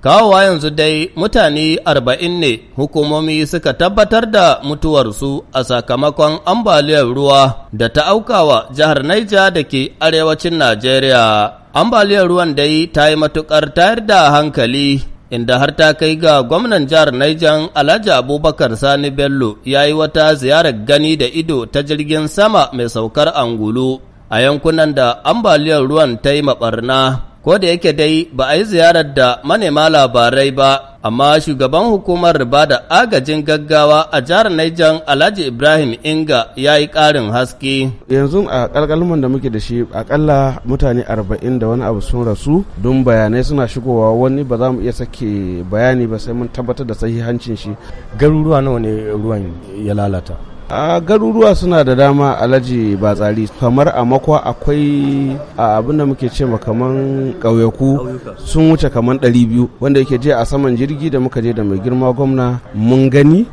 Kawowa yanzu dai mutane arba'in ne hukumomi suka tabbatar da mutuwarsu a sakamakon ambaliyar ruwa da ta aukawa jihar Naija da ke arewacin Najeriya. Ambaliyar ruwan dai ta yi matuƙar tayar da hankali inda har ta kai ga gwamnan jihar Niger Alhaji Abubakar Sani Bello ya yi wata ziyarar gani da ido ta jirgin sama mai saukar angulu a yankunan da ambaliyar ruwan ta yi maɓarna. ko da yake dai ba a yi ziyarar da manema labarai ba amma shugaban hukumar riba da agajin gaggawa a jihar Niger Alhaji Ibrahim Inga ya yi ƙarin haske. Yanzu a ƙalƙalman da muke da shi akalla mutane arba'in da wani abu sun rasu don bayanai suna shigowa wani ba za mu iya sake bayani ba sai mun tabbatar da sahihancin shi. Garuruwa nawa ne ruwan ya lalata? a garuruwa suna da dama alaji ba tsari kamar a makwa akwai abin da muke ce kaman ƙauyaku sun wuce ɗari 200 wanda yake je a saman jirgi da muka je da mai girma gwamna mun gani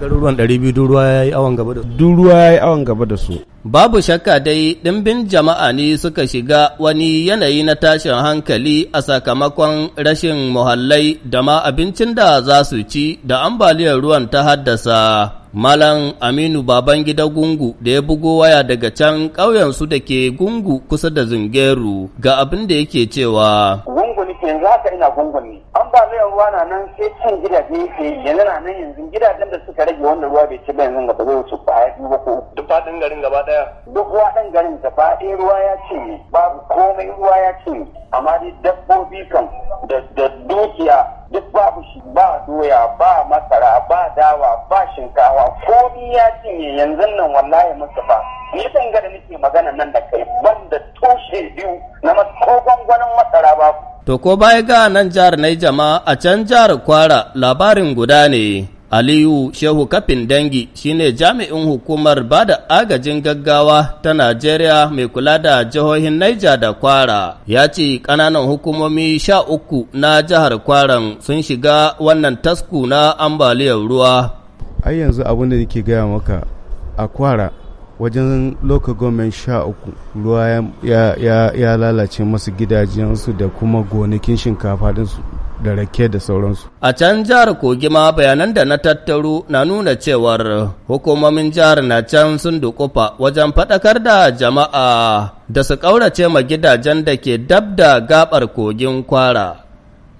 garuruwan 200 duruwa ya yi awon gaba da su duruwa ya yi awon gaba da su Babu shakka dai ɗimbin jama'a ne suka shiga wani yanayi na tashin hankali a sakamakon rashin muhallai da ma abincin da za su ci da ambaliyar ruwan ta haddasa. Malam Aminu Babangida Gungu da ya bugo waya daga can ƙauyensu da ke Gungu kusa da Zungeru ga abin da yake cewa. Gungu ne yanzu haka ina gungu ne. An ba zai ruwa na nan sai can gidaje yake yanzu na nan yanzu gidajen da suka rage wanda ruwa bai ci ba yanzu ba zai su kwaya biyu ba ko Duk faɗin garin gaba ɗaya. Duk faɗin garin gaba ɗaya ruwa ya ce babu komai ruwa ya ce amma dai dabbobi kan da dukiya duk babu shi ba doya ba masara ba dawa in ya cinye yanzu nan wallahi ba ni san gani nake magana nan da kai wanda toshe biyu na ko gwangwanin masara ba to ko baya ga nan jihar Naija ma a can jihar Kwara labarin guda ne Aliyu Shehu Kafin Dangi shine jami'in hukumar bada agajin gaggawa ta Najeriya mai kula da jihohin Naija da Kwara ya ce ƙananan hukumomi sha uku na jihar Kwaran sun shiga wannan tasku na ambaliyar ruwa ai yanzu abin da nake gaya maka a kwara wajen local government sha uku ruwa ya, lalace masu gidajensu da kuma gonakin shinkafa dinsu da rake da sauransu. A can jihar Kogima bayanan da na tattaro na nuna cewar hukumomin jihar na can sun dukufa wajen faɗakar da jama'a da su ƙaurace ma gidajen da ke dab da gabar kogin kwara.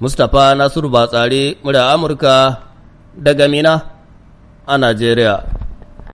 Mustapha Nasiru Batsare, murya Amurka, daga Mina. a Najeriya.